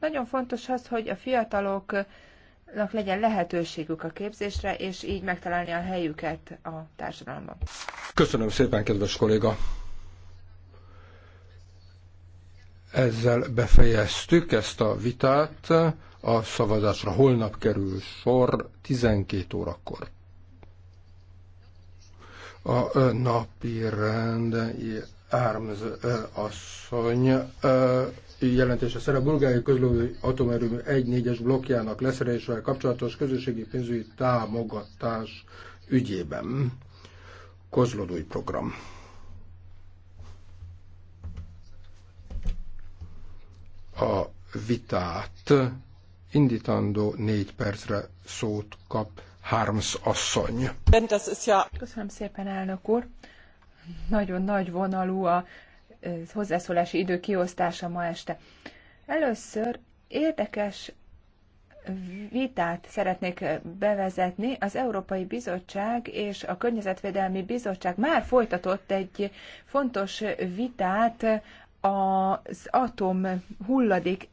Nagyon fontos az, hogy a fiataloknak legyen lehetőségük a képzésre, és így megtalálni a helyüket a társadalomban. Köszönöm szépen, kedves kolléga! Ezzel befejeztük ezt a vitát. A szavazásra holnap kerül sor 12 órakor. A napi rend Ármz asszony jelentése szerint a bulgári közlövő atomerőmű 1-4-es blokkjának leszerelésével kapcsolatos közösségi pénzügyi támogatás ügyében. Kozlodói program. A vitát indítandó négy percre szót kap Harms asszony. Köszönöm szépen, elnök úr. Nagyon nagy vonalú a hozzászólási idő kiosztása ma este. Először érdekes vitát szeretnék bevezetni. Az Európai Bizottság és a Környezetvédelmi Bizottság már folytatott egy fontos vitát az atom hulladék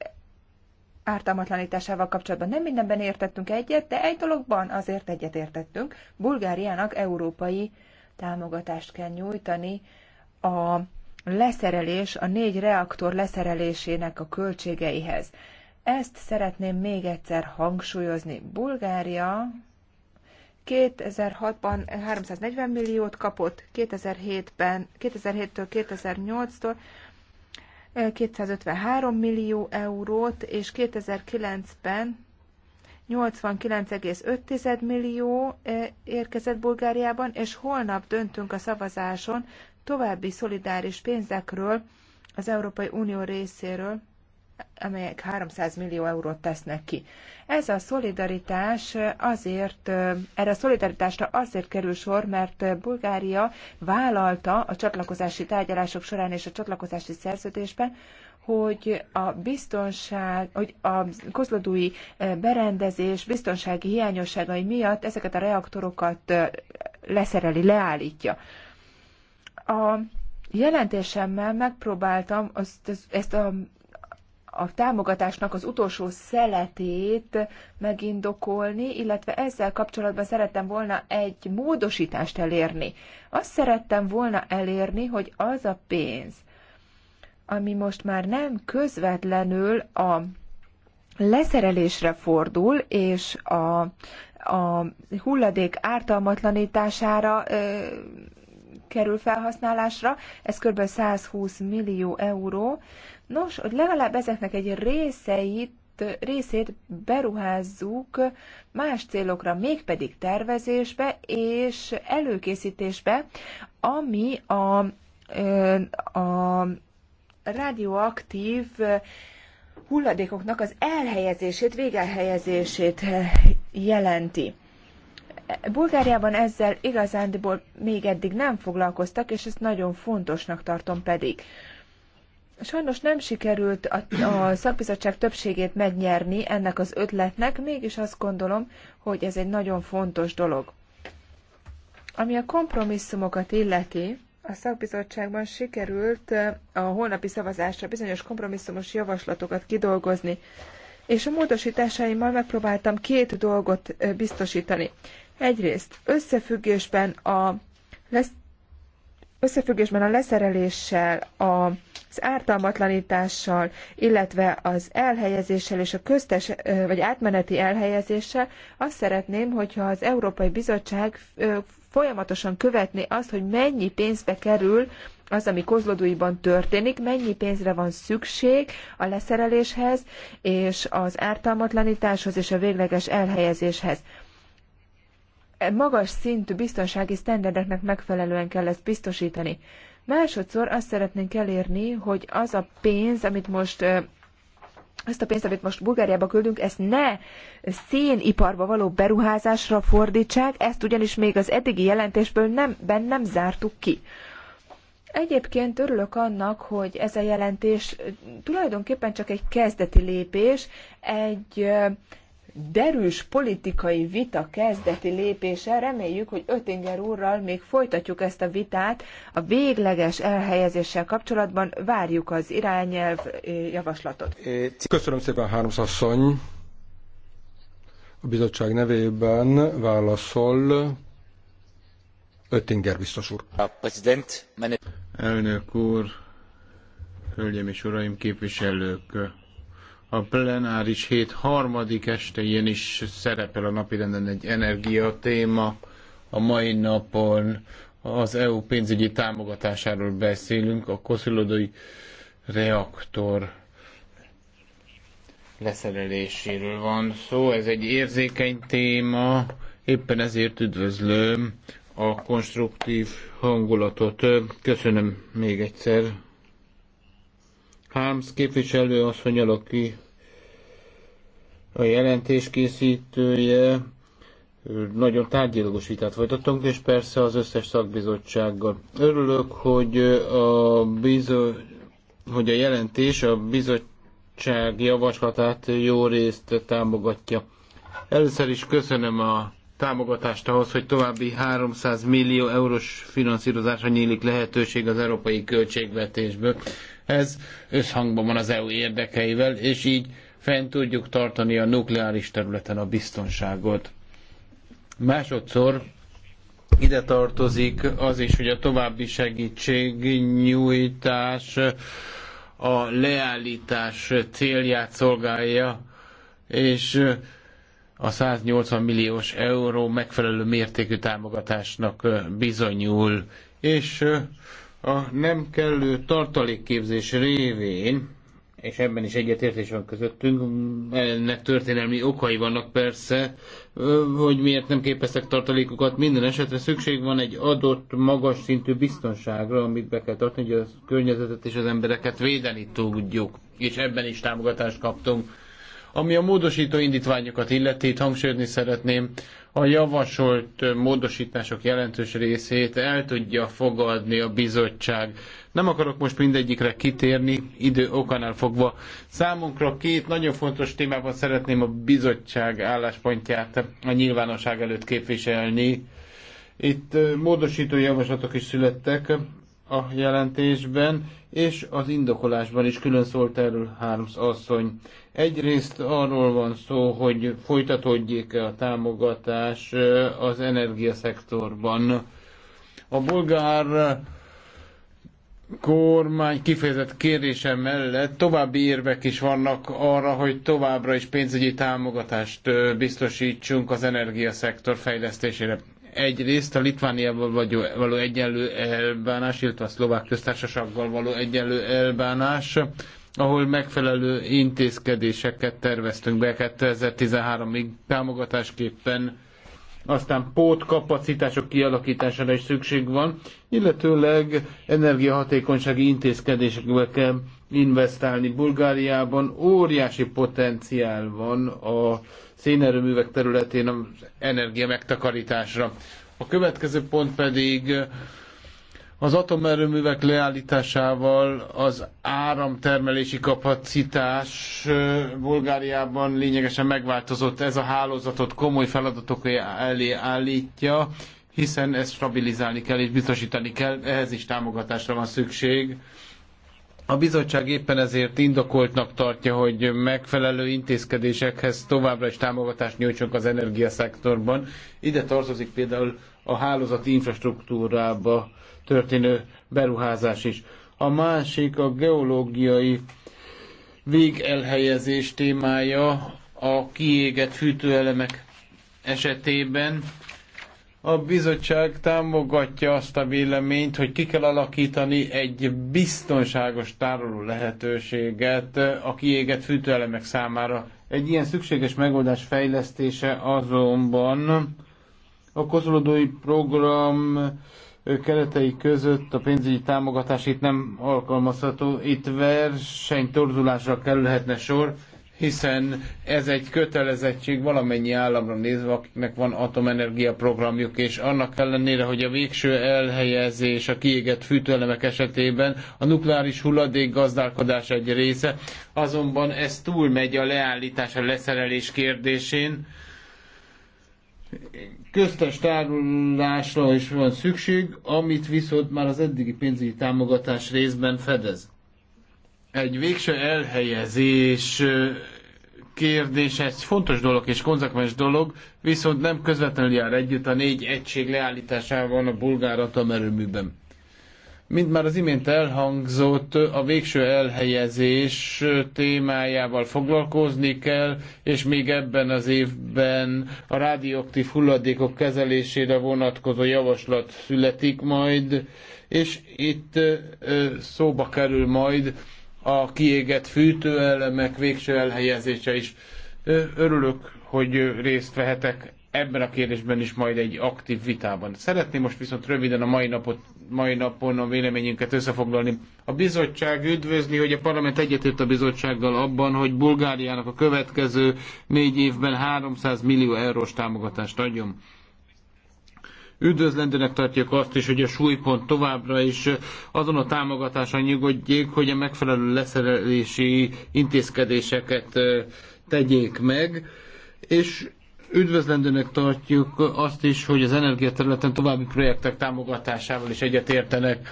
ártalmatlanításával kapcsolatban. Nem mindenben értettünk egyet, de egy dologban azért egyet értettünk. Bulgáriának európai támogatást kell nyújtani a leszerelés, a négy reaktor leszerelésének a költségeihez. Ezt szeretném még egyszer hangsúlyozni. Bulgária 2006-ban 340 milliót kapott, 2007-ben, 2007-től 2008-tól 253 millió eurót, és 2009-ben 89,5 millió eh, érkezett Bulgáriában, és holnap döntünk a szavazáson további szolidáris pénzekről az Európai Unió részéről, amelyek 300 millió eurót tesznek ki. Ez a szolidaritás azért, erre a szolidaritásra azért kerül sor, mert Bulgária vállalta a csatlakozási tárgyalások során és a csatlakozási szerződésben, hogy a biztonság, hogy a kozlodói berendezés biztonsági hiányosságai miatt ezeket a reaktorokat leszereli, leállítja. A jelentésemmel megpróbáltam azt, ezt a, a támogatásnak az utolsó szeletét megindokolni, illetve ezzel kapcsolatban szerettem volna egy módosítást elérni. Azt szerettem volna elérni, hogy az a pénz, ami most már nem közvetlenül a leszerelésre fordul, és a, a hulladék ártalmatlanítására ö, kerül felhasználásra, ez kb. 120 millió euró. Nos, hogy legalább ezeknek egy részeit részét beruházzuk más célokra, mégpedig tervezésbe és előkészítésbe, ami a, a radioaktív hulladékoknak az elhelyezését, végelhelyezését jelenti. Bulgáriában ezzel igazándiból még eddig nem foglalkoztak, és ezt nagyon fontosnak tartom pedig. Sajnos nem sikerült a, a szakbizottság többségét megnyerni ennek az ötletnek, mégis azt gondolom, hogy ez egy nagyon fontos dolog. Ami a kompromisszumokat illeti, a szakbizottságban sikerült eh, a holnapi szavazásra bizonyos kompromisszumos javaslatokat kidolgozni, és a módosításaimmal megpróbáltam két dolgot eh, biztosítani. Egyrészt összefüggésben a lesz, összefüggésben a leszereléssel, az ártalmatlanítással, illetve az elhelyezéssel és a köztes vagy átmeneti elhelyezéssel azt szeretném, hogyha az Európai Bizottság folyamatosan követni azt, hogy mennyi pénzbe kerül az, ami kozlodóiban történik, mennyi pénzre van szükség a leszereléshez és az ártalmatlanításhoz és a végleges elhelyezéshez magas szintű biztonsági sztenderdeknek megfelelően kell ezt biztosítani. Másodszor azt szeretnénk elérni, hogy az a pénz, amit most ezt a pénzt, amit most Bulgáriába küldünk, ezt ne széniparba való beruházásra fordítsák, ezt ugyanis még az eddigi jelentésből nem, ben nem zártuk ki. Egyébként örülök annak, hogy ez a jelentés tulajdonképpen csak egy kezdeti lépés, egy derűs politikai vita kezdeti lépése. Reméljük, hogy Ötinger úrral még folytatjuk ezt a vitát. A végleges elhelyezéssel kapcsolatban várjuk az irányelv eh, javaslatot. Köszönöm szépen, háromszasszony. A bizottság nevében válaszol Öttinger biztos úr. Elnök úr, hölgyeim és uraim, képviselők, a plenáris hét harmadik estején is szerepel a napirenden egy energia téma. A mai napon az EU pénzügyi támogatásáról beszélünk, a koszilodói reaktor leszereléséről van szó. Ez egy érzékeny téma, éppen ezért üdvözlöm a konstruktív hangulatot. Köszönöm még egyszer Harms képviselő asszonyal, aki a jelentés készítője, nagyon tárgyilagos vitát folytattunk, és persze az összes szakbizottsággal. Örülök, hogy a, bizo, hogy a jelentés a bizottság javaslatát jó részt támogatja. Először is köszönöm a támogatást ahhoz, hogy további 300 millió eurós finanszírozásra nyílik lehetőség az európai költségvetésből. Ez összhangban van az EU érdekeivel, és így fent tudjuk tartani a nukleáris területen a biztonságot. Másodszor ide tartozik az is, hogy a további segítségnyújtás a leállítás célját szolgálja, és a 180 milliós euró megfelelő mértékű támogatásnak bizonyul, és a nem kellő tartalékképzés révén, és ebben is egyetértés van közöttünk, ennek történelmi okai vannak persze, hogy miért nem képeztek tartalékokat Minden esetre szükség van egy adott magas szintű biztonságra, amit be kell tartani, hogy a környezetet és az embereket védeni tudjuk, és ebben is támogatást kaptunk ami a módosító indítványokat illeti, itt hangsúlyozni szeretném, a javasolt módosítások jelentős részét el tudja fogadni a bizottság. Nem akarok most mindegyikre kitérni, idő okánál fogva. Számunkra két nagyon fontos témában szeretném a bizottság álláspontját a nyilvánosság előtt képviselni. Itt módosító javaslatok is születtek a jelentésben, és az indokolásban is külön szólt erről Harms asszony. Egyrészt arról van szó, hogy folytatódjék -e a támogatás az energiaszektorban. A bulgár kormány kifejezett kérése mellett további érvek is vannak arra, hogy továbbra is pénzügyi támogatást biztosítsunk az energiaszektor fejlesztésére. Egyrészt a Litvániával való egyenlő elbánás, illetve a szlovák köztársasággal való egyenlő elbánás, ahol megfelelő intézkedéseket terveztünk be 2013-ig támogatásképpen, aztán pótkapacitások kialakítására is szükség van, illetőleg energiahatékonysági intézkedésekbe kell investálni. Bulgáriában óriási potenciál van a szénerőművek területén az energia megtakarításra. A következő pont pedig az atomerőművek leállításával az áramtermelési kapacitás Bulgáriában lényegesen megváltozott. Ez a hálózatot komoly feladatok elé állítja, hiszen ezt stabilizálni kell és biztosítani kell, ehhez is támogatásra van szükség. A bizottság éppen ezért indokoltnak tartja, hogy megfelelő intézkedésekhez továbbra is támogatást nyújtsunk az energiaszektorban. Ide tartozik például a hálózati infrastruktúrába történő beruházás is. A másik a geológiai végelhelyezés témája a kiégett fűtőelemek esetében a bizottság támogatja azt a véleményt, hogy ki kell alakítani egy biztonságos tároló lehetőséget a kiégett fűtőelemek számára. Egy ilyen szükséges megoldás fejlesztése azonban a kozolodói program keretei között a pénzügyi támogatás itt nem alkalmazható, itt versenytorzulásra kerülhetne sor, hiszen ez egy kötelezettség valamennyi államra nézve, akiknek van atomenergia programjuk, és annak ellenére, hogy a végső elhelyezés a kiégett fűtőelemek esetében a nukleáris hulladék gazdálkodás egy része, azonban ez túlmegy a leállítás, a leszerelés kérdésén, köztes tárolásra is van szükség, amit viszont már az eddigi pénzügyi támogatás részben fedez egy végső elhelyezés kérdés, ez fontos dolog és konzekvens dolog, viszont nem közvetlenül jár együtt a négy egység leállításával a bulgár atomerőműben. Mint már az imént elhangzott, a végső elhelyezés témájával foglalkozni kell, és még ebben az évben a rádióaktív hulladékok kezelésére vonatkozó javaslat születik majd, és itt szóba kerül majd a kiégett fűtőelemek végső elhelyezése is. Örülök, hogy részt vehetek ebben a kérdésben is majd egy aktív vitában. Szeretném most viszont röviden a mai, napot, mai napon a véleményünket összefoglalni. A bizottság üdvözli, hogy a parlament egyetért a bizottsággal abban, hogy Bulgáriának a következő négy évben 300 millió eurós támogatást adjon. Üdvözlendőnek tartjuk azt is, hogy a súlypont továbbra is azon a támogatáson nyugodjék, hogy a megfelelő leszerelési intézkedéseket tegyék meg, és üdvözlendőnek tartjuk azt is, hogy az energiaterületen további projektek támogatásával is egyetértenek.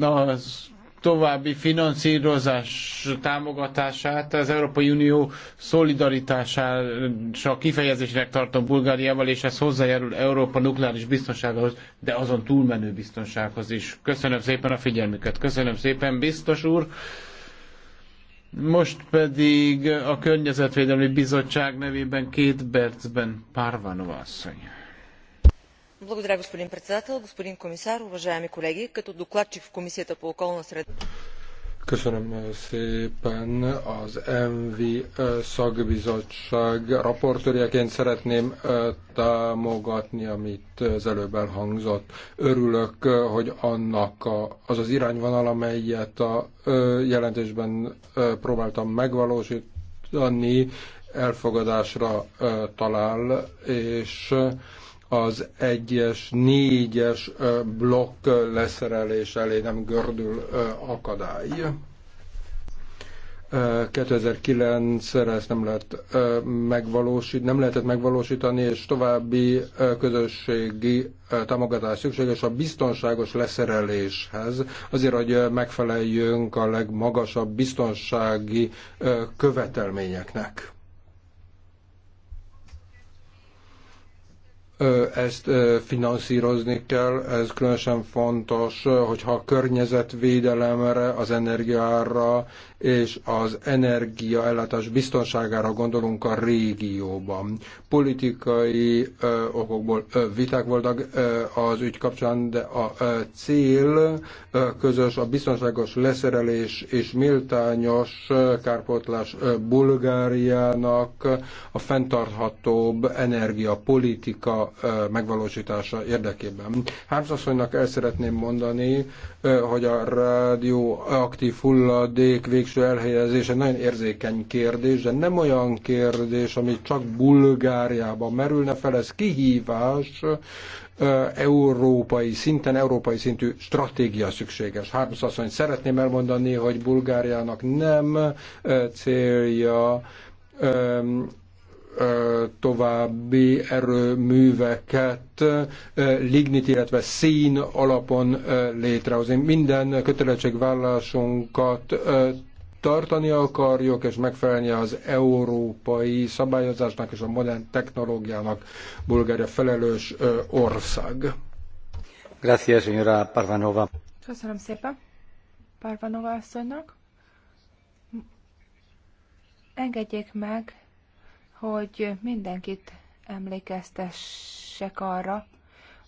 Az további finanszírozás támogatását az Európai Unió szolidaritására kifejezésnek tartom Bulgáriával, és ez hozzájárul Európa nukleáris biztonságához, de azon túlmenő biztonsághoz is. Köszönöm szépen a figyelmüket, köszönöm szépen, biztos úr! Most pedig a Környezetvédelmi Bizottság nevében két percben Párvanova asszonyát господин председател господин комисар уважаеми колеги! като докладчик в комисията по околна среда Köszönöm szépen az MV szakbizottság raportőrjeként szeretném támogatni, amit az előbb elhangzott. Örülök, hogy annak a, az az irányvonal, amelyet a jelentésben próbáltam megvalósítani, elfogadásra talál, és az egyes, négyes blokk leszerelés elé nem gördül akadály. 2009-re ezt nem, lehet megvalósít, nem lehetett megvalósítani, és további közösségi támogatás szükséges a biztonságos leszereléshez, azért, hogy megfeleljünk a legmagasabb biztonsági követelményeknek. ezt finanszírozni kell, ez különösen fontos, hogyha a környezetvédelemre, az energiára és az energiaellátás biztonságára gondolunk a régióban. Politikai ö, okokból ö, viták voltak ö, az ügy kapcsán, de a ö, cél ö, közös a biztonságos leszerelés és méltányos ö, kárpotlás ö, Bulgáriának a fenntarthatóbb energiapolitika ö, megvalósítása érdekében. Hámszaszonynak el szeretném mondani, ö, hogy a aktív hulladék vég végső elhelyezése nagyon érzékeny kérdés, de nem olyan kérdés, ami csak Bulgáriában merülne fel, ez kihívás európai szinten, európai szintű stratégia szükséges. azt mondja, szeretném elmondani, hogy Bulgáriának nem célja további erőműveket lignit, illetve szín alapon létrehozni. Minden kötelezettségvállalásunkat tartani akarjuk, és megfelelni az európai szabályozásnak és a modern technológiának Bulgária felelős ország. Gracias, señora Parvanova. Köszönöm szépen Parvanova asszonynak. Engedjék meg, hogy mindenkit emlékeztessek arra,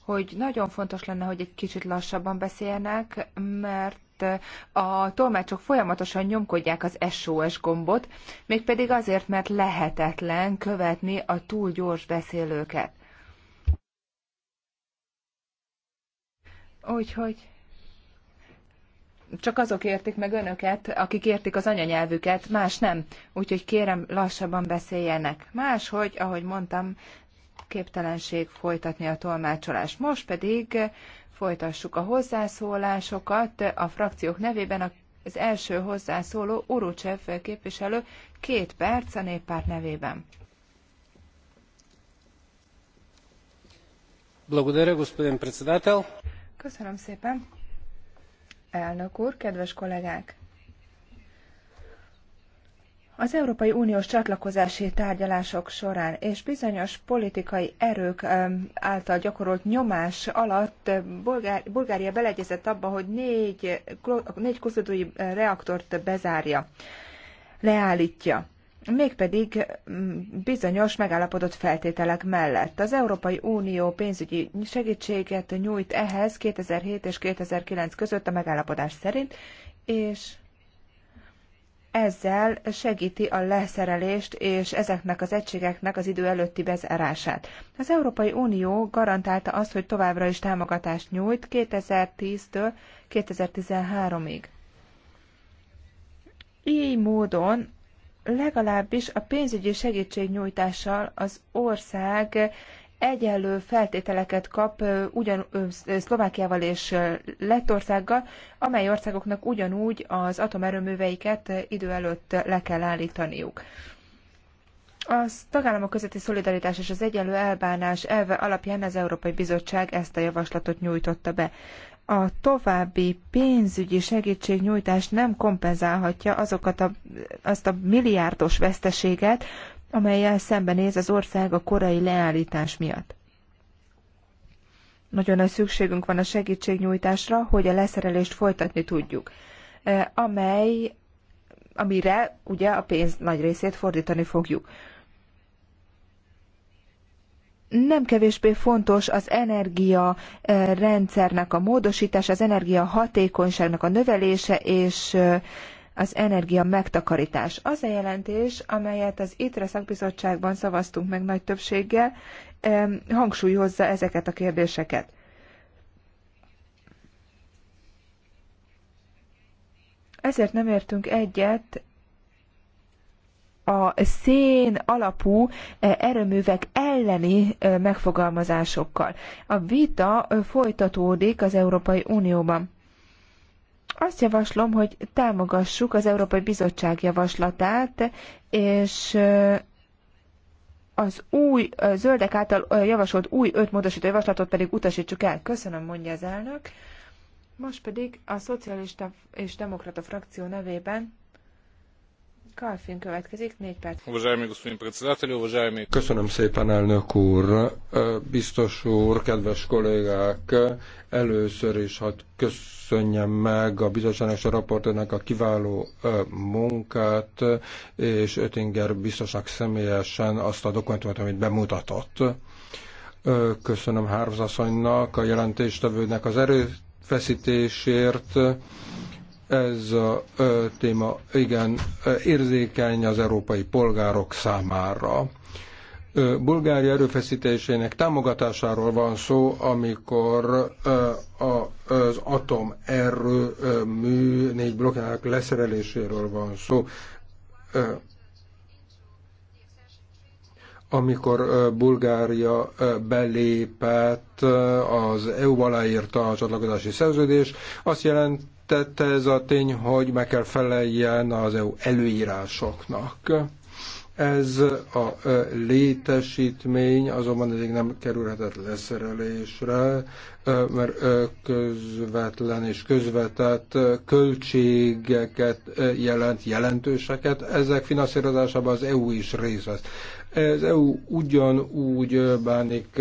hogy nagyon fontos lenne, hogy egy kicsit lassabban beszéljenek, mert mert a tolmácsok folyamatosan nyomkodják az SOS gombot, mégpedig azért, mert lehetetlen követni a túl gyors beszélőket. Úgyhogy csak azok értik meg önöket, akik értik az anyanyelvüket, más nem. Úgyhogy kérem, lassabban beszéljenek. Máshogy, ahogy mondtam, képtelenség folytatni a tolmácsolást. Most pedig folytassuk a hozzászólásokat. A frakciók nevében az első hozzászóló Urucsev képviselő két perc a néppárt nevében. Köszönöm szépen. Elnök úr, kedves kollégák! Az Európai Uniós csatlakozási tárgyalások során és bizonyos politikai erők által gyakorolt nyomás alatt Bulgária beleegyezett abba, hogy négy, négy koszodói reaktort bezárja, leállítja mégpedig bizonyos megállapodott feltételek mellett. Az Európai Unió pénzügyi segítséget nyújt ehhez 2007 és 2009 között a megállapodás szerint, és ezzel segíti a leszerelést és ezeknek az egységeknek az idő előtti bezárását. Az Európai Unió garantálta azt, hogy továbbra is támogatást nyújt 2010-től 2013-ig. Így módon legalábbis a pénzügyi segítségnyújtással az ország egyenlő feltételeket kap ugyan Szlovákiával és Lettországgal, amely országoknak ugyanúgy az atomerőműveiket idő előtt le kell állítaniuk. A tagállamok közötti szolidaritás és az egyenlő elbánás elve alapján az Európai Bizottság ezt a javaslatot nyújtotta be. A további pénzügyi segítségnyújtás nem kompenzálhatja azokat a, azt a milliárdos veszteséget, amelyel szembenéz az ország a korai leállítás miatt. Nagyon nagy szükségünk van a segítségnyújtásra, hogy a leszerelést folytatni tudjuk, e, amely, amire ugye a pénz nagy részét fordítani fogjuk. Nem kevésbé fontos az energia e, rendszernek a módosítás, az energia hatékonyságnak a növelése és e, az energia megtakarítás. Az a jelentés, amelyet az ITRE szakbizottságban szavaztunk meg nagy többséggel, hangsúlyozza ezeket a kérdéseket. Ezért nem értünk egyet a szén alapú e, erőművek elleni e, megfogalmazásokkal. A vita e, folytatódik az Európai Unióban. Azt javaslom, hogy támogassuk az Európai Bizottság javaslatát, és az új, zöldek által javasolt új öt módosító javaslatot pedig utasítsuk el. Köszönöm, mondja az elnök. Most pedig a szocialista és demokrata frakció nevében Kalfin következik, négy perc. Köszönöm szépen, elnök úr, biztos úr, kedves kollégák, először is hadd köszönjem meg a bizottságos raportőrnek a kiváló munkát, és Ötinger biztosnak személyesen azt a dokumentumot, amit bemutatott. Köszönöm Hárvzasszonynak, a jelentéstevőnek az erőfeszítésért, ez a téma igen érzékeny az európai polgárok számára. Bulgária erőfeszítésének támogatásáról van szó, amikor az atomerőmű négy blokkjának leszereléséről van szó amikor Bulgária belépett az EU aláírta a csatlakozási szerződés, azt jelentette ez a tény, hogy meg kell feleljen az EU előírásoknak. Ez a létesítmény azonban eddig nem kerülhetett leszerelésre, mert közvetlen és közvetett költségeket jelent, jelentőseket. Ezek finanszírozásában az EU is részt vesz. Az EU ugyanúgy bánik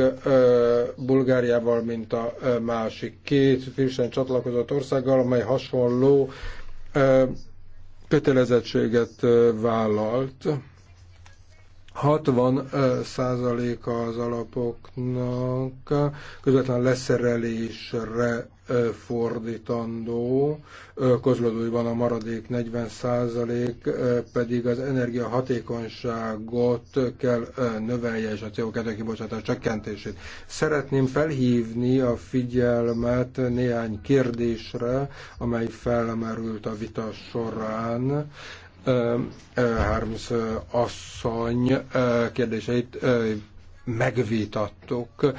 Bulgáriával, mint a másik két frissen csatlakozott országgal, amely hasonló kötelezettséget vállalt. 60 százaléka az alapoknak közvetlen leszerelésre fordítandó, közlődőjében a maradék 40% pedig az energiahatékonyságot kell növelje és a CO2 kibocsátás csökkentését. Szeretném felhívni a figyelmet néhány kérdésre, amely felmerült a vita során. Harms asszony kérdéseit megvitattuk,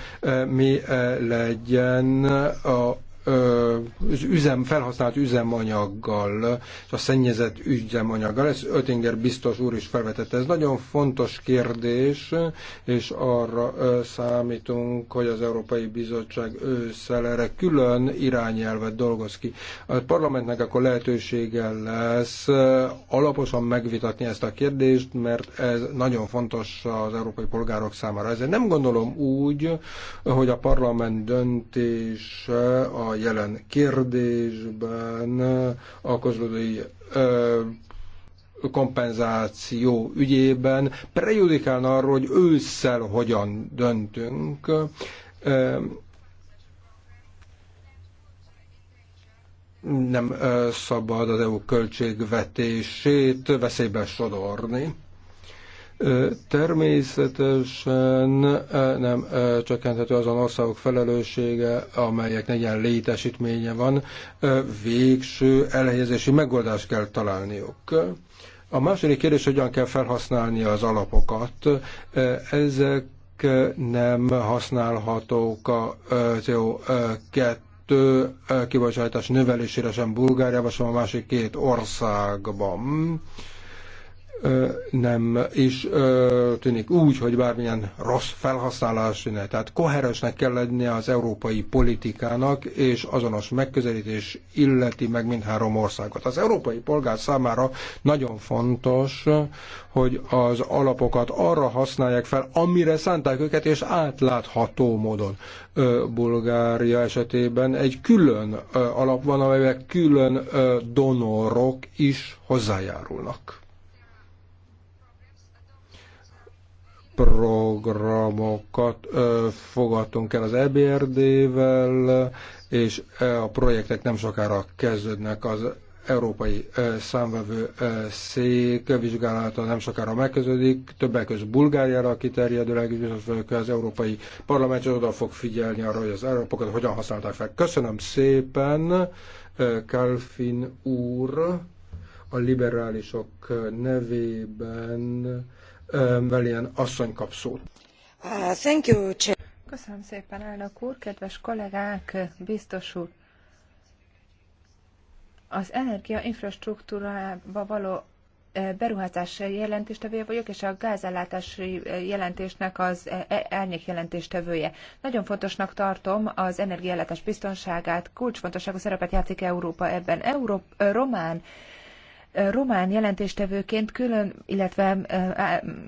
mi legyen a az üzem, felhasznált üzemanyaggal, a szennyezett üzemanyaggal. Ez Ötinger biztos úr is felvetette. Ez nagyon fontos kérdés, és arra számítunk, hogy az Európai Bizottság ősszel erre külön irányelvet dolgoz ki. A parlamentnek akkor lehetősége lesz alaposan megvitatni ezt a kérdést, mert ez nagyon fontos az európai polgárok számára. Ezért nem gondolom úgy, hogy a parlament döntése a jelen kérdésben a közlődői kompenzáció ügyében prejudikálna arról, hogy ősszel hogyan döntünk. Nem szabad az EU költségvetését veszélybe sodorni. Természetesen nem csökkenthető azon országok felelőssége, amelyeknek ilyen létesítménye van, végső elhelyezési megoldást kell találniuk. A második kérdés, hogyan kell felhasználni az alapokat. Ezek nem használhatók a CO2 kibocsátás növelésére sem Bulgáriában, sem a másik két országban nem is tűnik úgy, hogy bármilyen rossz felhasználás lenne. Tehát koherensnek kell lennie az európai politikának, és azonos megközelítés illeti meg mindhárom országot. Az európai polgár számára nagyon fontos, hogy az alapokat arra használják fel, amire szánták őket, és átlátható módon. Bulgária esetében egy külön alap van, amelyek külön donorok is hozzájárulnak. programokat fogadtunk el az EBRD-vel, és a projektek nem sokára kezdődnek az Európai Számvevő Szék vizsgálata nem sokára megkezdődik, többek között Bulgáriára kiterjedő biztos vagyok, az Európai Parlament oda fog figyelni arra, hogy az európokat hogyan használták fel. Köszönöm szépen, Kalfin úr, a liberálisok nevében asszony kap szót. Uh, thank you, Köszönöm szépen, elnök úr, kedves kollégák, biztos úr. Az energia infrastruktúrába való beruházás jelentéstevője vagyok, és a gázellátási jelentésnek az árnyék e, jelentéstevője. Nagyon fontosnak tartom az energiaellátás biztonságát, kulcsfontosságú szerepet játszik Európa ebben. Európ, román román jelentéstevőként külön, illetve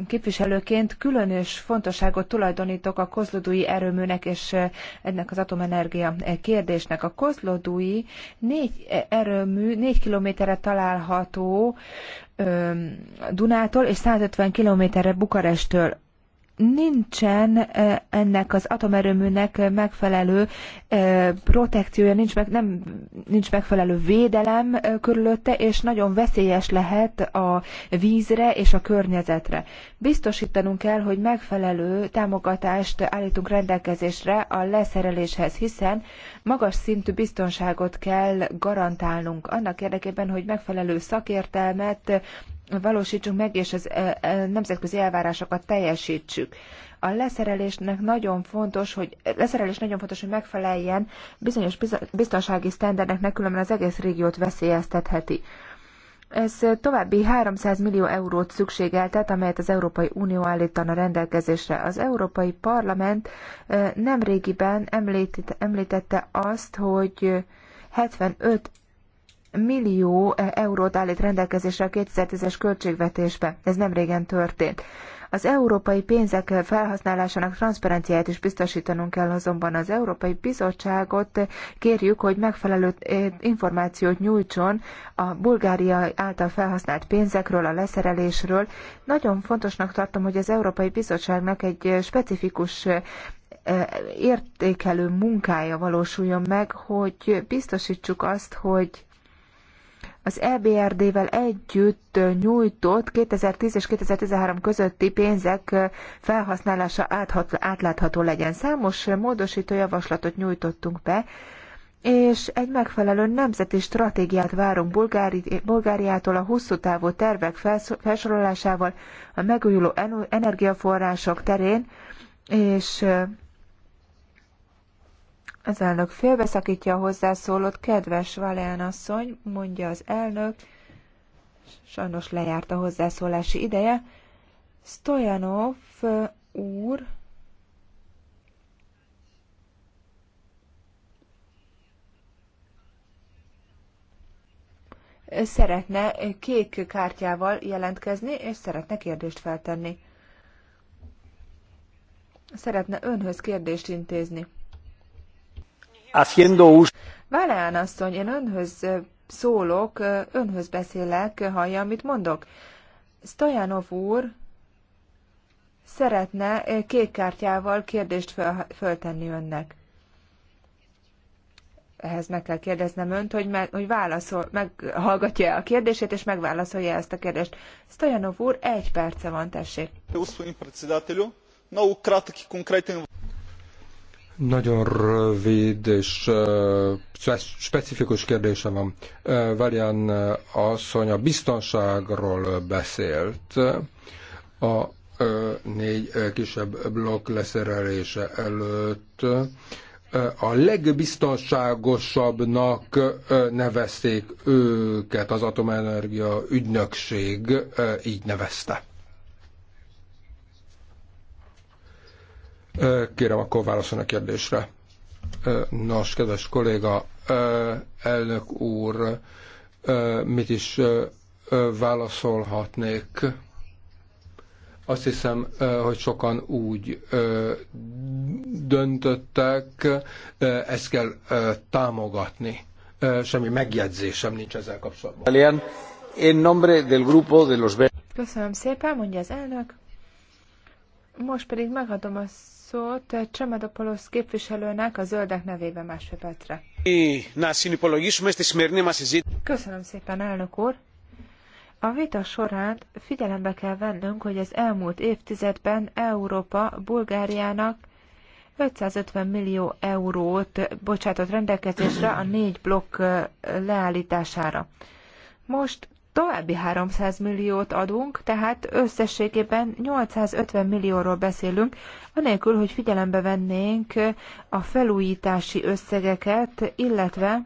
képviselőként különös fontosságot tulajdonítok a kozlodúi erőműnek és ennek az atomenergia kérdésnek. A kozlodúi négy erőmű négy kilométerre található Dunától és 150 kilométerre Bukarestől nincsen e, ennek az atomerőműnek megfelelő e, protekciója, nincs, meg, nem, nincs megfelelő védelem e, körülötte, és nagyon veszélyes lehet a vízre és a környezetre. Biztosítanunk kell, hogy megfelelő támogatást állítunk rendelkezésre a leszereléshez, hiszen magas szintű biztonságot kell garantálnunk annak érdekében, hogy megfelelő szakértelmet, valósítsunk meg, és az e, e, nemzetközi elvárásokat teljesítsük. A leszerelésnek nagyon fontos, hogy leszerelés nagyon fontos, hogy megfeleljen bizonyos biztonsági sztenderdeknek, különben az egész régiót veszélyeztetheti. Ez további 300 millió eurót szükségeltet, amelyet az Európai Unió állítana rendelkezésre. Az Európai Parlament e, nemrégiben említette azt, hogy 75 millió eh, eurót állít rendelkezésre a 2010-es költségvetésbe. Ez nem régen történt. Az európai pénzek felhasználásának transzparenciáját is biztosítanunk kell azonban az Európai Bizottságot kérjük, hogy megfelelő eh, információt nyújtson a Bulgária által felhasznált pénzekről, a leszerelésről. Nagyon fontosnak tartom, hogy az Európai Bizottságnak egy specifikus eh, értékelő munkája valósuljon meg, hogy biztosítsuk azt, hogy az EBRD-vel együtt nyújtott 2010 és 2013 közötti pénzek felhasználása átlátható legyen. Számos módosító javaslatot nyújtottunk be, és egy megfelelő nemzeti stratégiát várunk Bulgári, Bulgáriától a hosszú távú tervek felsorolásával a megújuló energiaforrások terén, és az elnök félbeszakítja a hozzászólót, kedves Valéán asszony, mondja az elnök, sajnos lejárt a hozzászólási ideje. Stojanov úr szeretne kék kártyával jelentkezni, és szeretne kérdést feltenni. Szeretne önhöz kérdést intézni haciendo uso. Valán asszony, én önhöz szólok, önhöz beszélek, hallja, amit mondok. Stojanov úr szeretne kék kártyával kérdést föl, föltenni önnek. Ehhez meg kell kérdeznem önt, hogy, me, hogy válaszol, meghallgatja a kérdését, és megválaszolja ezt a kérdést. Stojanov úr, egy perce van, tessék. Nagyon rövid és specifikus kérdése van. Valian asszony a biztonságról beszélt. A négy kisebb blokk leszerelése előtt a legbiztonságosabbnak nevezték őket az atomenergia ügynökség, így nevezte. Kérem, akkor válaszol a kérdésre. Nos, kedves kolléga, elnök úr, mit is válaszolhatnék? Azt hiszem, hogy sokan úgy döntöttek, ezt kell támogatni. Semmi megjegyzésem nincs ezzel kapcsolatban. Köszönöm szépen, mondja az elnök. Most pedig megadom a szót Csemadopoulos képviselőnek a zöldek nevében másfél percre. Köszönöm szépen, elnök úr! A vita során figyelembe kell vennünk, hogy az elmúlt évtizedben Európa Bulgáriának 550 millió eurót bocsátott rendelkezésre a négy blokk leállítására. Most további 300 milliót adunk, tehát összességében 850 millióról beszélünk, anélkül, hogy figyelembe vennénk a felújítási összegeket, illetve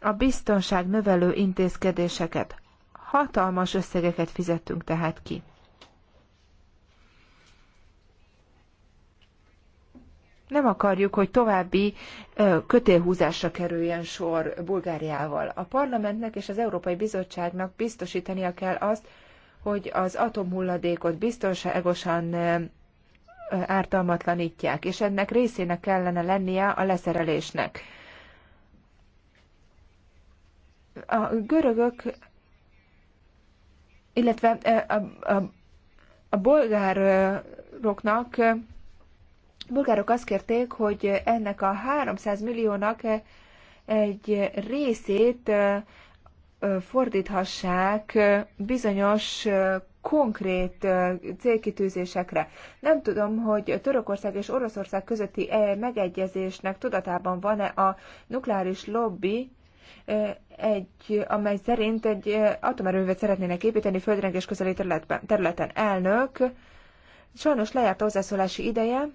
a biztonság növelő intézkedéseket. Hatalmas összegeket fizettünk tehát ki. Nem akarjuk, hogy további kötélhúzásra kerüljen sor Bulgáriával. A parlamentnek és az Európai Bizottságnak biztosítania kell azt, hogy az atomhulladékot biztonságosan ártalmatlanítják, és ennek részének kellene lennie a leszerelésnek. A görögök, illetve a, a, a bolgároknak bulgárok azt kérték, hogy ennek a 300 milliónak egy részét fordíthassák bizonyos konkrét célkitűzésekre. Nem tudom, hogy Törökország és Oroszország közötti megegyezésnek tudatában van-e a nukleáris lobby, egy, amely szerint egy atomerőművet szeretnének építeni földrengés közeli területen. Elnök, sajnos lejárt a hozzászólási ideje,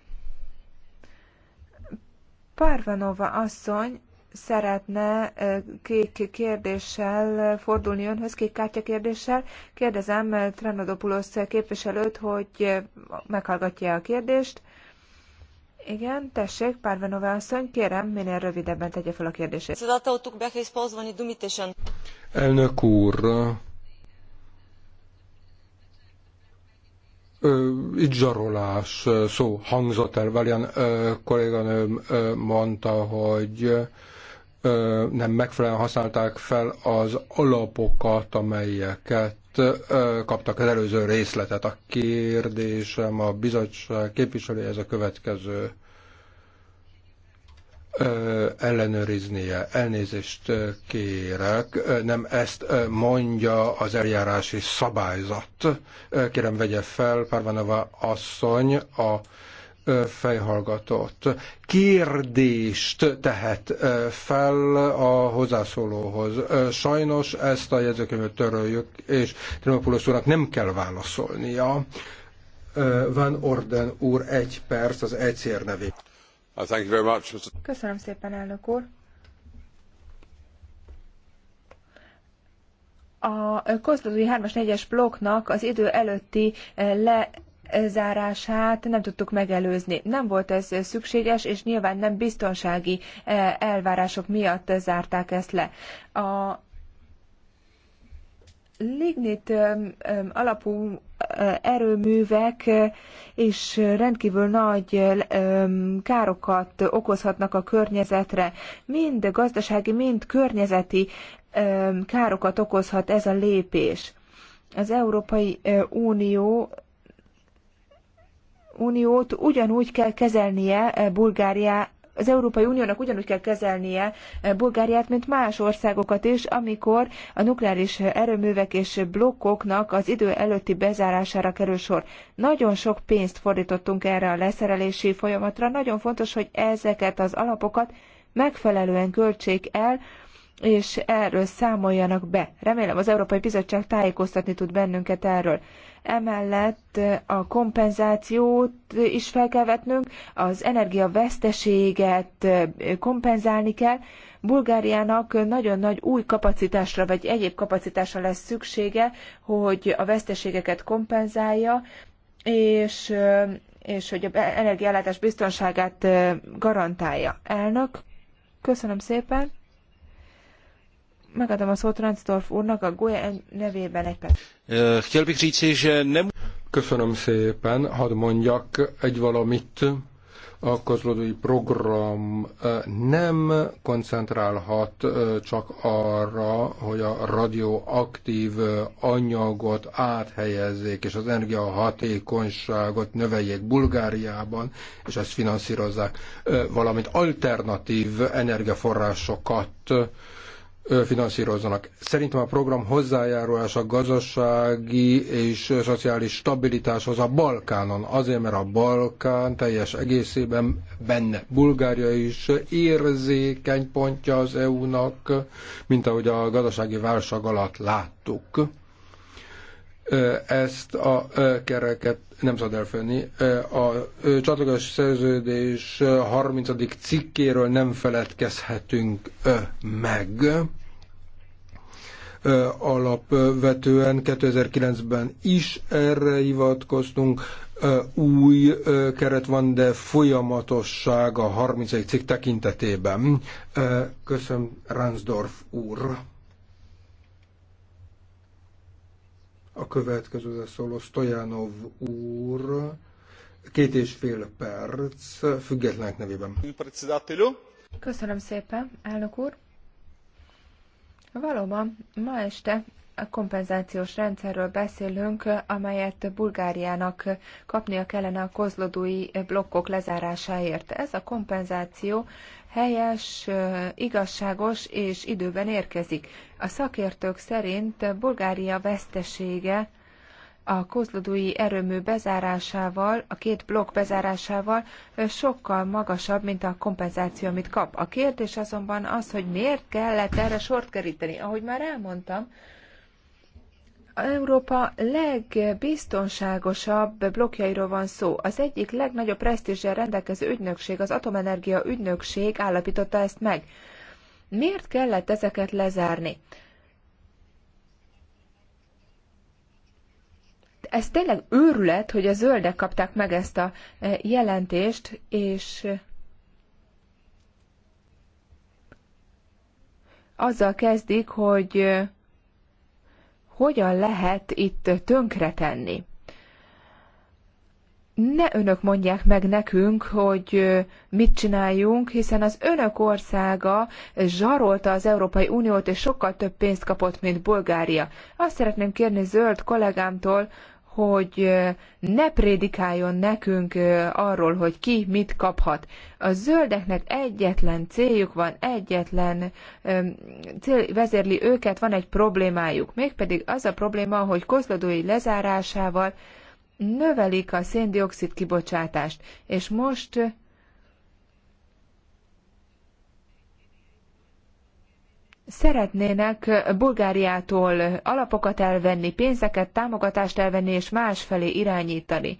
Parvanova asszony szeretne kék kérdéssel fordulni önhöz, kék kártya kérdéssel. Kérdezem Trenodopulos képviselőt, hogy meghallgatja a kérdést. Igen, tessék, Párvenova asszony, kérem, minél rövidebben tegye fel a kérdését. Elnök úr, itt zsarolás szó hangzott el, Valian kolléganőm mondta, hogy nem megfelelően használták fel az alapokat, amelyeket kaptak az előző részletet. A kérdésem a bizottság képviselője ez a következő ellenőriznie. Elnézést kérek, nem ezt mondja az eljárási szabályzat. Kérem, vegye fel Parvanova asszony a fejhallgatót. Kérdést tehet fel a hozzászólóhoz. Sajnos ezt a jegyzőkönyvet töröljük, és Trimopulos úrnak nem kell válaszolnia. Van Orden úr egy perc az egyszer nevében. Uh, Köszönöm szépen, elnök úr. A Kozlodói 3-as 4-es blokknak az idő előtti eh, le nem tudtuk megelőzni. Nem volt ez szükséges, és nyilván nem biztonsági eh, elvárások miatt zárták ezt le. A lignit alapú erőművek és rendkívül nagy károkat okozhatnak a környezetre. Mind gazdasági, mind környezeti károkat okozhat ez a lépés. Az Európai Unió Uniót ugyanúgy kell kezelnie Bulgária, az Európai Uniónak ugyanúgy kell kezelnie eh, Bulgáriát, mint más országokat is, amikor a nukleáris erőművek és blokkoknak az idő előtti bezárására kerül sor. Nagyon sok pénzt fordítottunk erre a leszerelési folyamatra. Nagyon fontos, hogy ezeket az alapokat megfelelően költsék el, és erről számoljanak be. Remélem az Európai Bizottság tájékoztatni tud bennünket erről. Emellett a kompenzációt is fel kell vetnünk, az energiaveszteséget kompenzálni kell. Bulgáriának nagyon nagy új kapacitásra vagy egyéb kapacitásra lesz szüksége, hogy a veszteségeket kompenzálja, és és hogy a energiállátás biztonságát garantálja. Elnök, köszönöm szépen. Megadom a szót Ranzdorf úrnak a Goya e nevében egy perc. Chtěl bych říci, že nem... Köszönöm szépen, hadd mondjak egy valamit. A kozlódói program nem koncentrálhat csak arra, hogy a radioaktív anyagot áthelyezzék, és az energiahatékonyságot növeljék Bulgáriában, és ezt finanszírozzák, valamint alternatív energiaforrásokat finanszírozzanak. Szerintem a program hozzájárulása a gazdasági és szociális stabilitáshoz a Balkánon, azért mert a Balkán teljes egészében benne Bulgária is érzékeny pontja az EU-nak, mint ahogy a gazdasági válság alatt láttuk. Ezt a kereket nem szabad elfelni. A csatlakozás szerződés 30. cikkéről nem feledkezhetünk meg. Alapvetően 2009-ben is erre hivatkoztunk, új keret van, de folyamatosság a 30. cikk tekintetében. Köszönöm, Ransdorf úr. A következő szóló Stojanov úr, két és fél perc, függetlenek nevében. Köszönöm szépen, elnök úr. Valóban, ma este kompenzációs rendszerről beszélünk, amelyet Bulgáriának kapnia kellene a kozlodói blokkok lezárásáért. Ez a kompenzáció helyes, igazságos és időben érkezik. A szakértők szerint Bulgária vesztesége a kozlodói erőmű bezárásával, a két blokk bezárásával sokkal magasabb, mint a kompenzáció, amit kap. A kérdés azonban az, hogy miért kellett erre sort keríteni. Ahogy már elmondtam, Európa legbiztonságosabb blokkjairól van szó. Az egyik legnagyobb presztízsel rendelkező ügynökség, az Atomenergia Ügynökség állapította ezt meg. Miért kellett ezeket lezárni? Ez tényleg őrület, hogy a zöldek kapták meg ezt a e, jelentést, és azzal kezdik, hogy e, hogyan lehet itt tönkretenni. Ne önök mondják meg nekünk, hogy mit csináljunk, hiszen az önök országa zsarolta az Európai Uniót, és sokkal több pénzt kapott, mint Bulgária. Azt szeretném kérni zöld kollégámtól, hogy ne prédikáljon nekünk arról, hogy ki mit kaphat. A zöldeknek egyetlen céljuk van, egyetlen cél vezérli őket, van egy problémájuk. Mégpedig az a probléma, hogy kozlodói lezárásával növelik a széndiokszid kibocsátást, és most szeretnének Bulgáriától alapokat elvenni, pénzeket, támogatást elvenni és másfelé irányítani.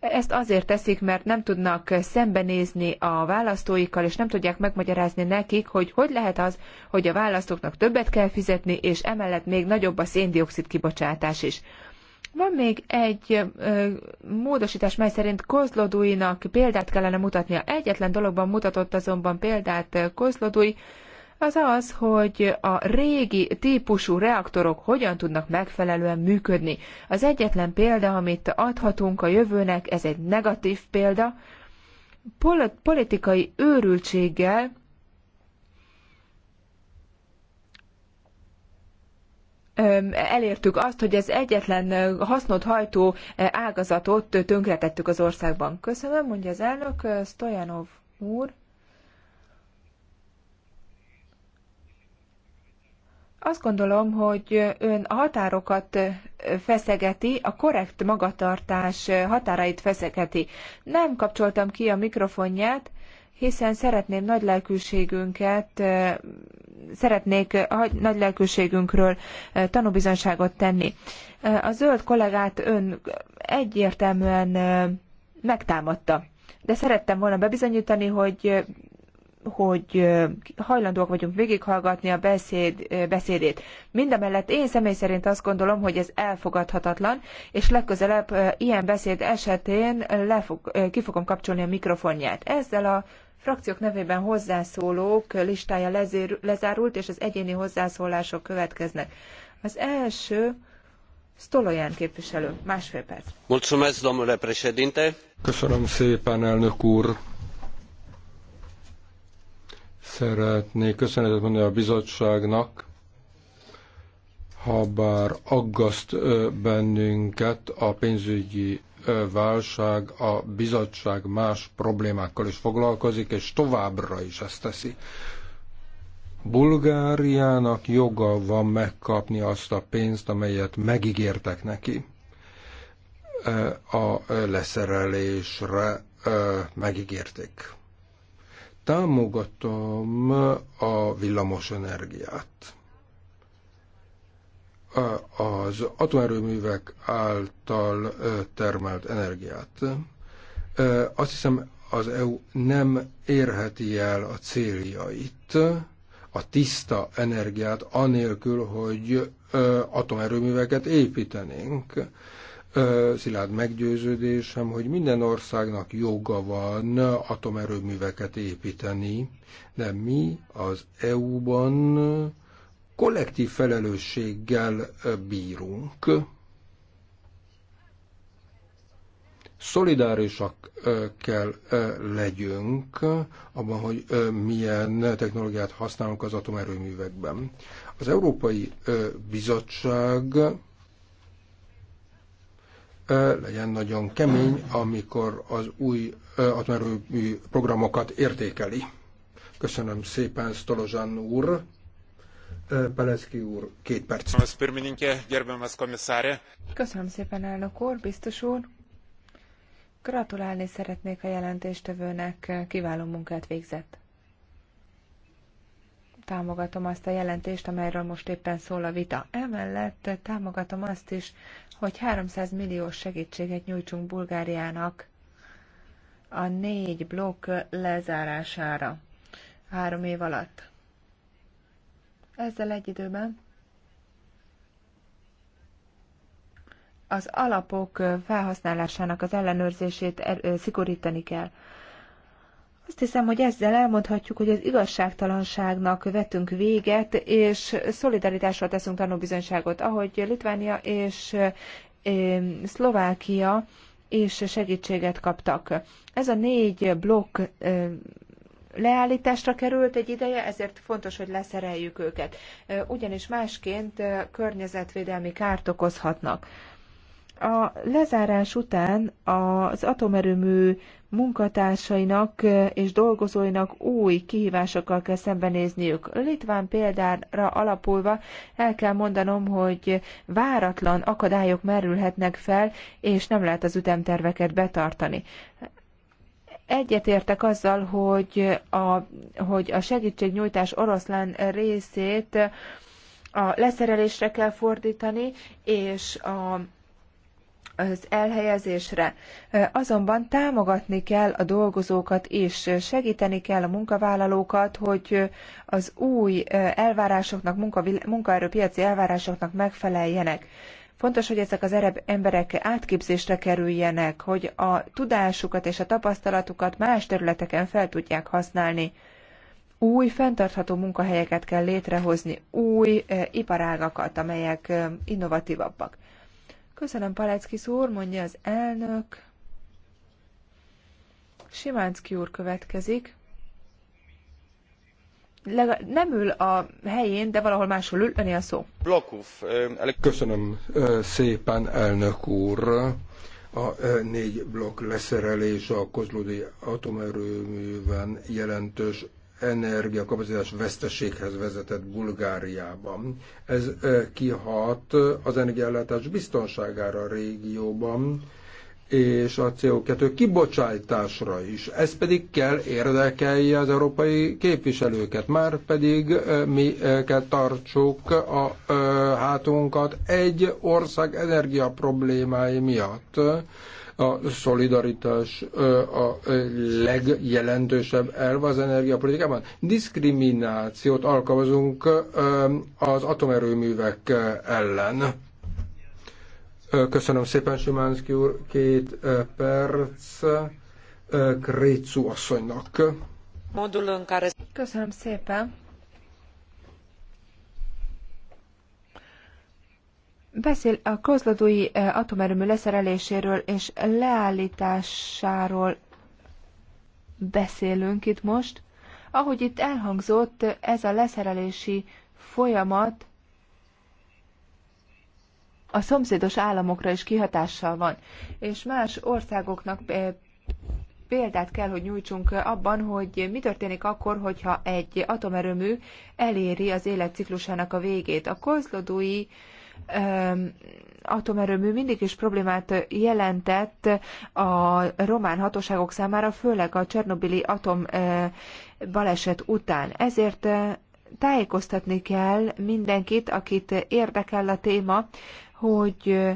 Ezt azért teszik, mert nem tudnak szembenézni a választóikkal, és nem tudják megmagyarázni nekik, hogy hogy lehet az, hogy a választóknak többet kell fizetni, és emellett még nagyobb a széndiokszid kibocsátás is. Van még egy ö, módosítás, mely szerint Kozlodúinak példát kellene mutatnia. Egyetlen dologban mutatott azonban példát Kozlodúi, az az, hogy a régi típusú reaktorok hogyan tudnak megfelelően működni. Az egyetlen példa, amit adhatunk a jövőnek, ez egy negatív példa, politikai őrültséggel elértük azt, hogy az egyetlen hasznot hajtó ágazatot tönkretettük az országban. Köszönöm, mondja az elnök, Stojanov úr. Azt gondolom, hogy ön a határokat feszegeti, a korrekt magatartás határait feszegeti. Nem kapcsoltam ki a mikrofonját, hiszen szeretném nagy lelkűségünket, szeretnék nagy lelkűségünkről tanúbizonságot tenni. A zöld kollégát ön egyértelműen megtámadta, de szerettem volna bebizonyítani, hogy hogy hajlandóak vagyunk végighallgatni a beszéd, beszédét. Mindemellett én személy szerint azt gondolom, hogy ez elfogadhatatlan, és legközelebb ilyen beszéd esetén lefog, ki fogom kapcsolni a mikrofonját. Ezzel a frakciók nevében hozzászólók listája lezér, lezárult, és az egyéni hozzászólások következnek. Az első Stoloyan képviselő, másfél perc. Köszönöm szépen, elnök úr. Szeretnék köszönetet mondani a bizottságnak, ha bár aggaszt bennünket a pénzügyi válság, a bizottság más problémákkal is foglalkozik, és továbbra is ezt teszi. Bulgáriának joga van megkapni azt a pénzt, amelyet megígértek neki a leszerelésre megígérték. Támogatom a villamos energiát. Az atomerőművek által termelt energiát. Azt hiszem, az EU nem érheti el a céljait, a tiszta energiát, anélkül, hogy atomerőműveket építenénk szilárd meggyőződésem, hogy minden országnak joga van atomerőműveket építeni, de mi az EU-ban kollektív felelősséggel bírunk. Szolidárisak kell legyünk abban, hogy milyen technológiát használunk az atomerőművekben. Az Európai Bizottság legyen nagyon kemény, amikor az új atomerőmű programokat értékeli. Köszönöm szépen, Stolozsán úr. Peleszki úr, két perc. Köszönöm szépen, elnök úr, biztos úr. Gratulálni szeretnék a jelentéstevőnek, kiváló munkát végzett támogatom azt a jelentést, amelyről most éppen szól a vita. Emellett támogatom azt is, hogy 300 milliós segítséget nyújtsunk Bulgáriának a négy blokk lezárására három év alatt. Ezzel egy időben az alapok felhasználásának az ellenőrzését er- szigorítani kell. Azt hiszem, hogy ezzel elmondhatjuk, hogy az igazságtalanságnak vetünk véget, és szolidaritásra teszünk tanúbizonyságot, ahogy Litvánia és eh, Szlovákia és segítséget kaptak. Ez a négy blokk eh, leállításra került egy ideje, ezért fontos, hogy leszereljük őket. Eh, ugyanis másként környezetvédelmi kárt okozhatnak. A lezárás után az atomerőmű munkatársainak és dolgozóinak új kihívásokkal kell szembenézniük. Litván példára alapulva el kell mondanom, hogy váratlan akadályok merülhetnek fel, és nem lehet az ütemterveket betartani. Egyetértek azzal, hogy a, hogy a segítségnyújtás oroszlán részét a leszerelésre kell fordítani, és a az elhelyezésre. Azonban támogatni kell a dolgozókat és segíteni kell a munkavállalókat, hogy az új elvárásoknak, munkaerőpiaci elvárásoknak megfeleljenek. Fontos, hogy ezek az erebb emberek átképzésre kerüljenek, hogy a tudásukat és a tapasztalatukat más területeken fel tudják használni. Új, fenntartható munkahelyeket kell létrehozni, új iparágakat, amelyek innovatívabbak. Köszönöm, Palecki úr, mondja az elnök. Simánszki úr következik. Lega- nem ül a helyén, de valahol máshol ül, öné a szó. Köszönöm szépen, elnök úr. A négy blokk leszerelése a kozlodi atomerőműben jelentős energiakapacitás veszteséghez vezetett Bulgáriában. Ez kihat az energiállátás biztonságára a régióban, és a CO2 kibocsátásra is. Ez pedig kell érdekelje az európai képviselőket, már pedig mi kell tartsuk a hátunkat egy ország energia problémái miatt a szolidaritás a legjelentősebb elv az energiapolitikában. Diszkriminációt alkalmazunk az atomerőművek ellen. Köszönöm szépen, Simánszki úr. Két perc Krécu asszonynak. Köszönöm szépen. Beszél a kozlodói eh, atomerőmű leszereléséről és leállításáról beszélünk itt most. Ahogy itt elhangzott, ez a leszerelési folyamat a szomszédos államokra is kihatással van, és más országoknak eh, példát kell, hogy nyújtsunk abban, hogy mi történik akkor, hogyha egy atomerőmű eléri az életciklusának a végét. A kozlodói atomerőmű mindig is problémát jelentett a román hatóságok számára, főleg a Csernobili atom baleset után. Ezért tájékoztatni kell mindenkit, akit érdekel a téma, hogy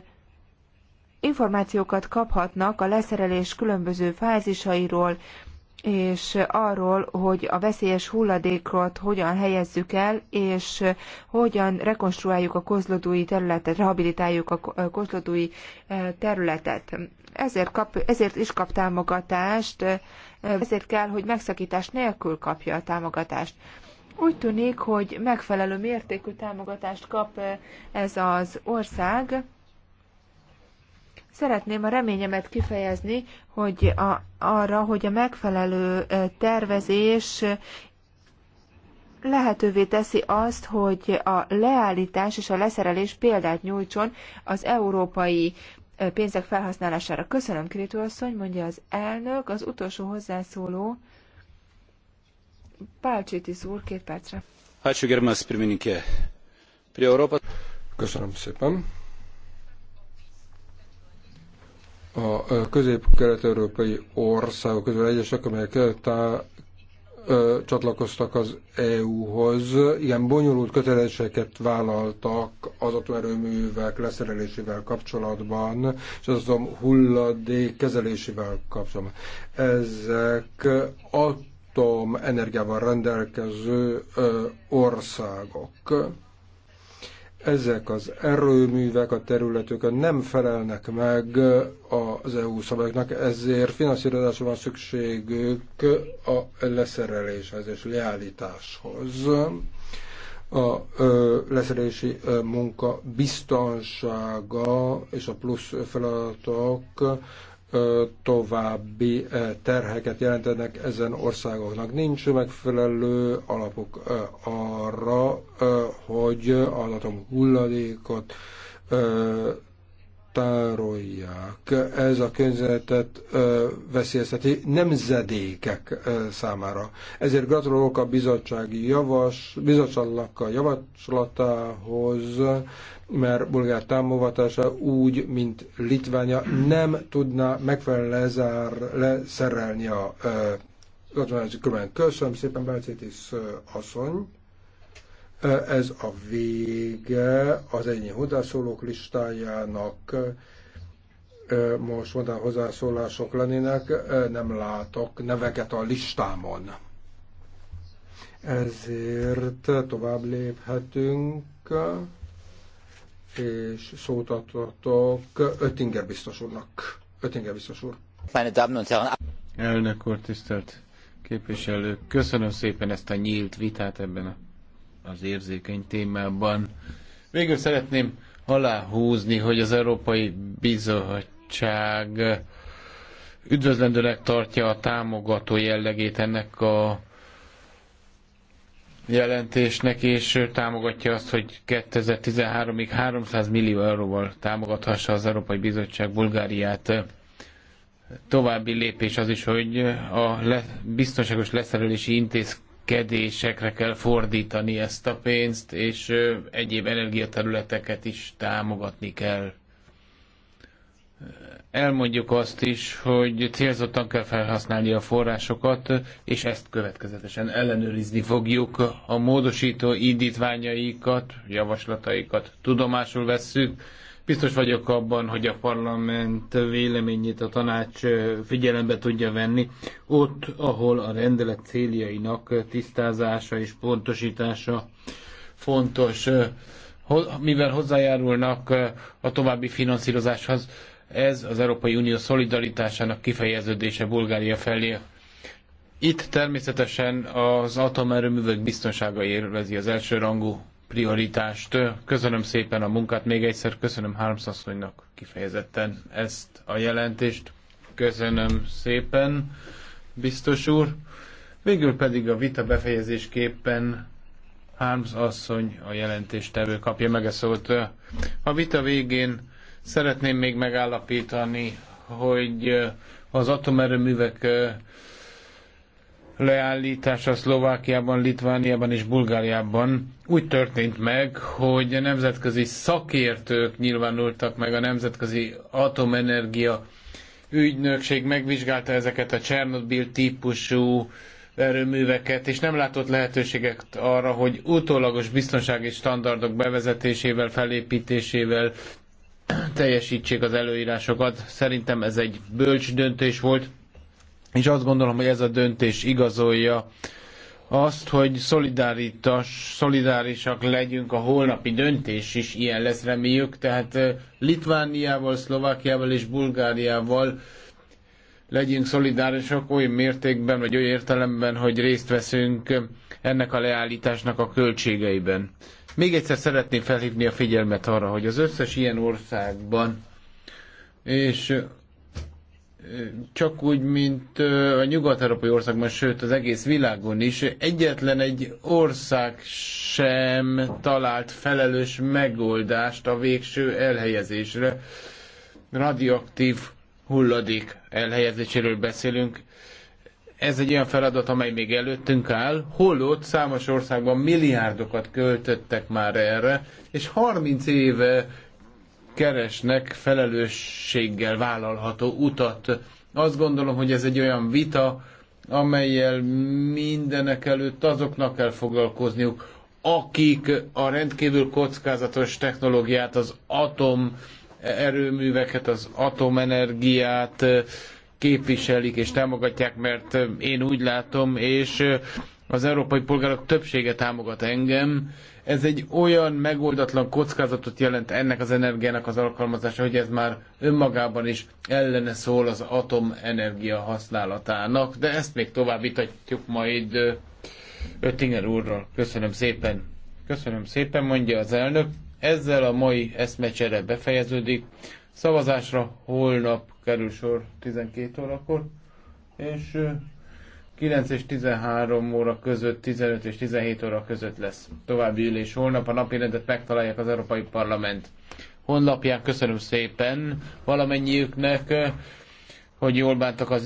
információkat kaphatnak a leszerelés különböző fázisairól, és arról, hogy a veszélyes hulladékot hogyan helyezzük el, és hogyan rekonstruáljuk a kozlodói területet, rehabilitáljuk a kozlodói területet. Ezért, kap, ezért is kap támogatást, ezért kell, hogy megszakítás nélkül kapja a támogatást. Úgy tűnik, hogy megfelelő mértékű támogatást kap ez az ország, Szeretném a reményemet kifejezni, hogy a, arra, hogy a megfelelő tervezés lehetővé teszi azt, hogy a leállítás és a leszerelés példát nyújtson az európai pénzek felhasználására. Köszönöm, Krétu asszony, mondja az elnök, az utolsó hozzászóló, Pálcsitis úr, két percre. Köszönöm szépen. a közép-kelet-európai országok közül egyesek, amelyek tá, ö, csatlakoztak az EU-hoz. ilyen bonyolult kötelezettségeket vállaltak az atomerőművek leszerelésével kapcsolatban, és az azon hulladék kezelésével kapcsolatban. Ezek atomenergiával rendelkező ö, országok ezek az erőművek a területükön nem felelnek meg az EU szabályoknak, ezért finanszírozásra van szükségük a leszereléshez és leállításhoz. A leszerelési munka biztonsága és a plusz feladatok további terheket jelentenek ezen országoknak. Nincs megfelelő alapok arra, hogy atom hulladékot tárolják. Ez a környezetet veszélyezteti nemzedékek számára. Ezért gratulálok a bizottsági javas, bizottságnak a javaslatához, mert Bulgár támogatása úgy, mint Litvánia nem tudná megfelelően lezár, leszerelni a gazdasági követ. Köszönöm szépen, Belcétis asszony. Ez a vége az ennyi hozzászólók listájának. Most mondanám, hozzászólások lennének, nem látok neveket a listámon. Ezért tovább léphetünk és szót adhatok Öttinger biztos úrnak. Öttinger biztos úr. Elnök úr, tisztelt képviselők, köszönöm szépen ezt a nyílt vitát ebben az érzékeny témában. Végül szeretném aláhúzni, hogy az Európai Bizottság üdvözlendőnek tartja a támogató jellegét ennek a jelentésnek, és támogatja azt, hogy 2013-ig 300 millió euróval támogathassa az Európai Bizottság Bulgáriát. További lépés az is, hogy a le, biztonságos leszerelési intézkedésekre kell fordítani ezt a pénzt, és egyéb energiaterületeket is támogatni kell elmondjuk azt is, hogy célzottan kell felhasználni a forrásokat, és ezt következetesen ellenőrizni fogjuk. A módosító indítványaikat, javaslataikat tudomásul vesszük. Biztos vagyok abban, hogy a parlament véleményét a tanács figyelembe tudja venni, ott, ahol a rendelet céljainak tisztázása és pontosítása fontos mivel hozzájárulnak a további finanszírozáshoz. Ez az Európai Unió szolidaritásának kifejeződése Bulgária felé. Itt természetesen az atomerőművek biztonsága élvezi az első rangú prioritást. Köszönöm szépen a munkát, még egyszer köszönöm Hármszaszonynak kifejezetten ezt a jelentést. Köszönöm szépen, biztos úr. Végül pedig a vita befejezésképpen Harms asszony, a jelentéstevő kapja meg a szót. A vita végén szeretném még megállapítani, hogy az atomerőművek leállítása Szlovákiában, Litvániában és Bulgáriában úgy történt meg, hogy a nemzetközi szakértők nyilvánultak meg, a Nemzetközi Atomenergia Ügynökség megvizsgálta ezeket a Csernobil típusú erőműveket, és nem látott lehetőséget arra, hogy utólagos biztonsági standardok bevezetésével, felépítésével teljesítsék az előírásokat. Szerintem ez egy bölcs döntés volt, és azt gondolom, hogy ez a döntés igazolja azt, hogy szolidárisak legyünk, a holnapi döntés is ilyen lesz, reméljük. Tehát eh, Litvániával, Szlovákiával és Bulgáriával legyünk szolidárisak oly mértékben, vagy oly értelemben, hogy részt veszünk ennek a leállításnak a költségeiben. Még egyszer szeretném felhívni a figyelmet arra, hogy az összes ilyen országban, és csak úgy, mint a nyugat-európai országban, sőt az egész világon is, egyetlen egy ország sem talált felelős megoldást a végső elhelyezésre radioaktív hulladék elhelyezéséről beszélünk. Ez egy olyan feladat, amely még előttünk áll, holott számos országban milliárdokat költöttek már erre, és 30 éve keresnek felelősséggel vállalható utat. Azt gondolom, hogy ez egy olyan vita, amelyel mindenek előtt azoknak kell foglalkozniuk, akik a rendkívül kockázatos technológiát, az atom erőműveket, az atomenergiát képviselik és támogatják, mert én úgy látom, és az európai polgárok többsége támogat engem. Ez egy olyan megoldatlan kockázatot jelent ennek az energiának az alkalmazása, hogy ez már önmagában is ellene szól az atomenergia használatának, de ezt még tovább vitatjuk majd Öttinger úrral. Köszönöm szépen. Köszönöm szépen, mondja az elnök. Ezzel a mai eszmecsere befejeződik. Szavazásra holnap kerül sor 12 órakor, és 9 és 13 óra között, 15 és 17 óra között lesz további ülés. Holnap a napi rendet megtalálják az Európai Parlament honlapján. Köszönöm szépen valamennyiüknek, hogy jól bántak az